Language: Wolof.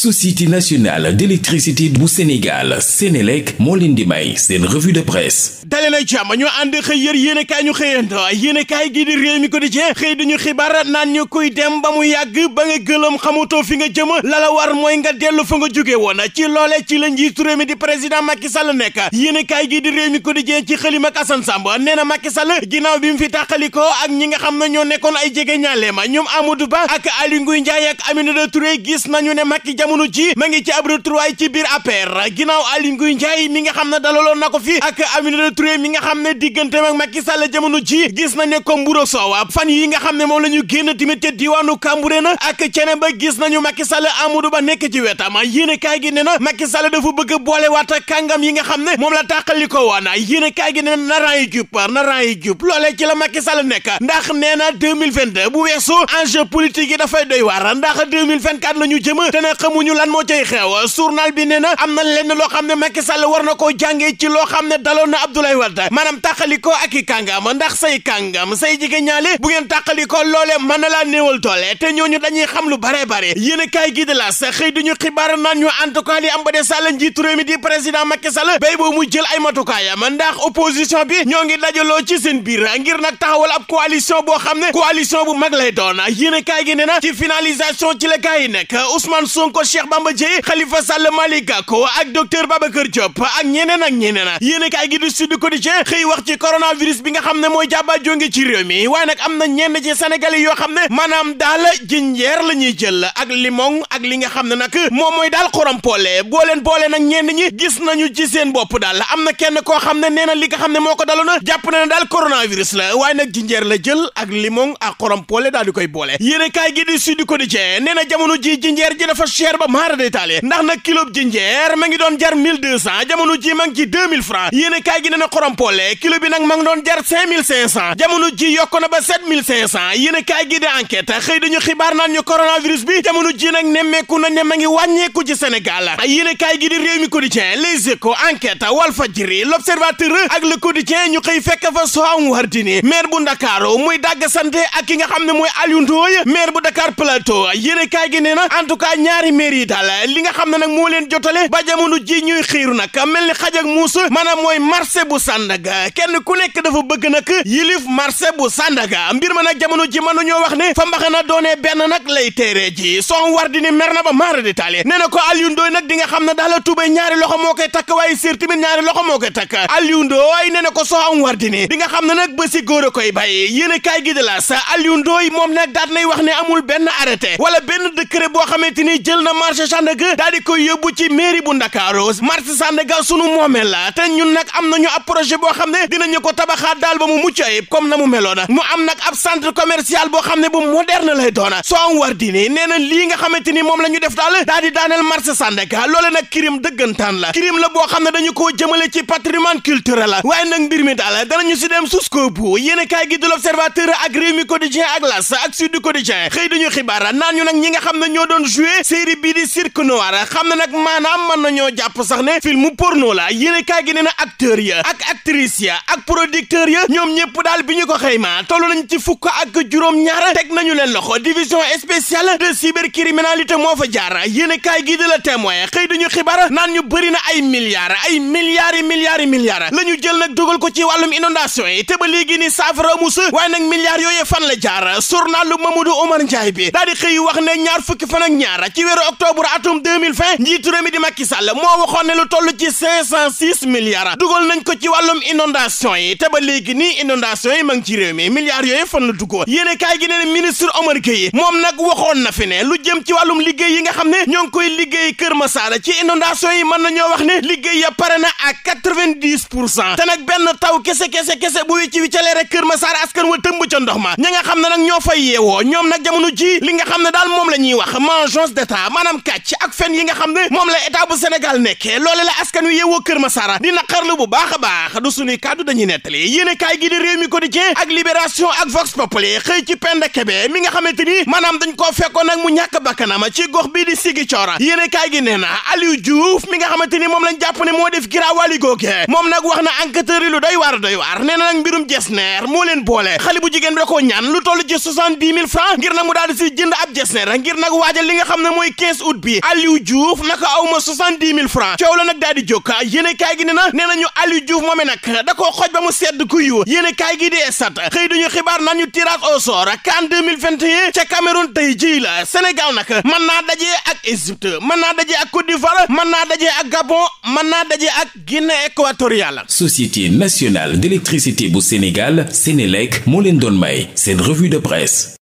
société nationale d'électricité bu Sénégal Sénélec moo leen di may seen revue de presse dalee jàmm ñu ànd xëy yër yéenekaay ñu xëyanto yéenekaay gi di réew mi ko di xëy dañu xibaar naan ñu kuy dem ba mu yàgg ba nga gëlëm xamutoo fi nga jëm lala war mooy nga dellu fa nga jóge woon ci loolee ci la njiitu réew mi di président Macky Sall nekk yéenekaay gi di réew mi ko di ci xëlim ak Assane Samb nee na Macky ginnaaw bi mu fi tàqalikoo ak ñi Ba ak Aly jamono ji ma ngi ci ab retrouvaille ci biir APR ginnaaw Aly Ngouille Ndiaye mi nga xam ne dalaloon na ko fi ak Aminata Touré mi nga xam ne diggante ak Macky Sall jamono ji gis nañ ne ko mburu fan yi nga xam ne moom la ñu génn tamit ca diwaanu Cambérène ak Thiénaba gis nañu Macky Sall Amadou Ba nekk ci wetam yéen a kaay gi ne na Macky Sall bëgg a boolewaat kàngam yi nga xam ne moom la tàqali ko woon yéen a kaay gi ne na ran yi jub na yi jub loolee ci la Macky Sall nekk xamuñu lan moo cay xew journal bi nee am na lenn loo xam ne Macky Sall war na koo jàngee ci loo xam ne daloon na Abdoulaye Wade maanaam tàqalikoo ak i kàngam ndax say kàngam say jigéen ñaale bu ngeen tàqalikoo loole mën na laa néewal doole te ñooñu dañuy xam lu bare bare yéen a kaay gi de la sa xëy duñu xibaar naan ñu en tout cas li am ba de Sall njiitu réew mi di président Macky Sall béy boo mu jël ay matukaayam ndax opposition bi ñoo ngi dajaloo ci seen biir ngir nag taxawal ab coalition boo xam ne coalition bu mag lay a kaay gi nee na ci finalisation ci la kaay yi nekk Ousmane Sonko Cheikh Bamba Dièye xalifa Sall Malick Gakou ak docteur Babacar Diop ak ñeneen ak ñeneen yéen a kaay gi du Sud Quotidien xëy wax ci coronavirus bi nga xam ne mooy jàbba jonge ci réew mi waaye nag am na ñenn ci sénégalais yoo xam ne maanaam daal jinjeer la ñuy jël ak limon ak li nga xam ne nag moom mooy daal xorompole boo leen boole nag ñenn ñi gis nañu ci seen bopp daal am na kenn koo xam ne nee na li nga xam ne moo ko daloon jàpp na ne daal coronavirus la waaye la jël ak limon ak xorompole daal di koy boole yéen a kaay gi du Sud Quotidien nee na jamono ji jinjeer ji cher ba maara day taale ndax na kilo jinjeer ma ngi doon jar mil 1200 jamono ji ma ngi ci 2000 francs yéene kaay gi ne na xorompole kilo bi nag ma doon jar 5500 jamono ji yokk na ba 7500 yéene kaay gi de enquête xëy dañu xibaar naan ñu coronavirus bi jamono ji nag nemmeeku na ne ma ngi wàññeeku ci Sénégal yéene kaay gi di réew mi quotidien les échos enquête Walfadjri l'observateur ak le quotidien ñu xëy fekk fa Soham Wardini maire bu Ndakaaru muy dàgg sante ak ki nga xam ne mooy Aliou Ndoye maire bu Dakar Plateau ne na en tout cas ñaari maire maire yi daal li nga xam ne nag moo leen jotale ba jamono ji ñuy xiiru nag mel ni xaj muus maanaam mooy marché bu Sandaga kenn ku nekk dafa bëgg nag yilif marché bu Sandaga mbir ma nag jamono ji mënu ñoo wax ne fa mbaxana doonee benn nag lay téere ji son war di mer na ba maara di taale nee na ko Aliou Ndoye nag di xam ne daala tubay ñaari loxo moo koy takk waaye sér tamit ñaari loxo moo koy takk Aliou Ndoye nee na ko soxam war di ni xam ne nag ba si a a la sa Aliou Ndoye moom nag daat nay wax ne amul marché Sandaga daal di koy yóbbu ci mairie bu Ndakaaru marché Sandaga sunu moomeel la te ñun nag am nañu ab projet boo xam ne dinañu ko tabaxaat daal ba mu mucc ayib comme na mu meloona mu am nag ab centre commercial boo xam ne bu moderne lay doona soo war dini nee na lii nga xamante ni moom la ñu def daal daal di daaneel marché Sandaga loole nag crime dëggantaan la crime la boo xam ne dañu koo jëmale ci patrimoine culturel la waaye nag mbir mi daal danañu si dem jusqu'au bout yéen kaay gi du l'observateur bii di Cirque Noir xam na nag maanaam na ñoo jàpp sax ne film porno la yéene kaay gi nee na acteurs ya ak actrices ya ak producteurs ya ñoom ñëpp daal bi ñu ko xaymaa toll nañ ci fukk ak juróom-ñaar teg nañu leen loxo division spéciale de cybercriminalité moo fa jaar yéene kaay gi de la témoin xëy dañu xibaar naan ñu bëri na ay milliards ay milliards yi milliards yi milliards la ñu jël nag dugal ko ci wàllum inondation yi te ba ni saafara mus waaye nag milliards fan la jaar journal Mamadou Omar Ndiaye bi daal wax ne ñaar fukki fan octobre atum 2020 njiitu réew mi di Macky Sall moo waxoon ne lu toll ci 506 milliards dugal nañ ko ci wàllum inondation yi te ba léegi nii inondation yi ma ngi ci réew mi milliards yooyu fan la duggoo yéene kaay gi ne ministre Omar Gueye moom nag waxoon na fi ne lu jëm ci wàllum liggéey yi nga xam ne ñoo ngi koy liggéey Kër Massar ci inondation yi mën nañoo wax ne liggéey ya pare na à 90 pour cent te nag benn taw kese kese kese bu wicci wiccalee rek Kër Massar askan wa tëmb ca ndox ma ña nga xam nag ñoo fay ñoom nag jamono ji li nga xam ne daal moom la ñuy wax vengeance d'état maanaam kàcc ak fen yi nga xam ne moom la état bu Sénégal loole la askan wi yeewoo Kër Masara di naqarlu bu baax a baax du suñuy kàddu dañuy nettali kaay gi di Rewmi Quotidien ak Libération ak Vox Populi xëy ci Penda Kébé mi nga xamante ni maanaam dañ koo fekkoon nag mu ñàkk bakkanam ci gox bii di Ziguinchor yéene kaay gi nee na Aliou Diouf mi nga xamante ni moom lañ jàpp ne moo def giraawaali googee moom nag wax na enquêteur yi lu da koo ñaan lu toll ci soixante-dix mille francs ngir nag mu daal di si jënd ab jesneer ngir nag waajal 15 août bi Aliou Diouf naka awma soixante-dix mille francs coow nag daal di jóg yéene kaay gi ne na nee nañu Aliou Diouf moome nag da koo xoj ba mu sedd ku yu yéene kaay gi di sat xëy dañu xibaar naan ñu tirage au sort CAN 2021 ca Cameroun tey jii la Sénégal nag mën naa daje ak Égypte mën naa daje ak Côte d'Ivoire naa dajee ak Gabon mën naa dajee ak Guinée équatoriale Société nationale d'électricité bu Sénégal Sénélec moo leen doon may seen revue de presse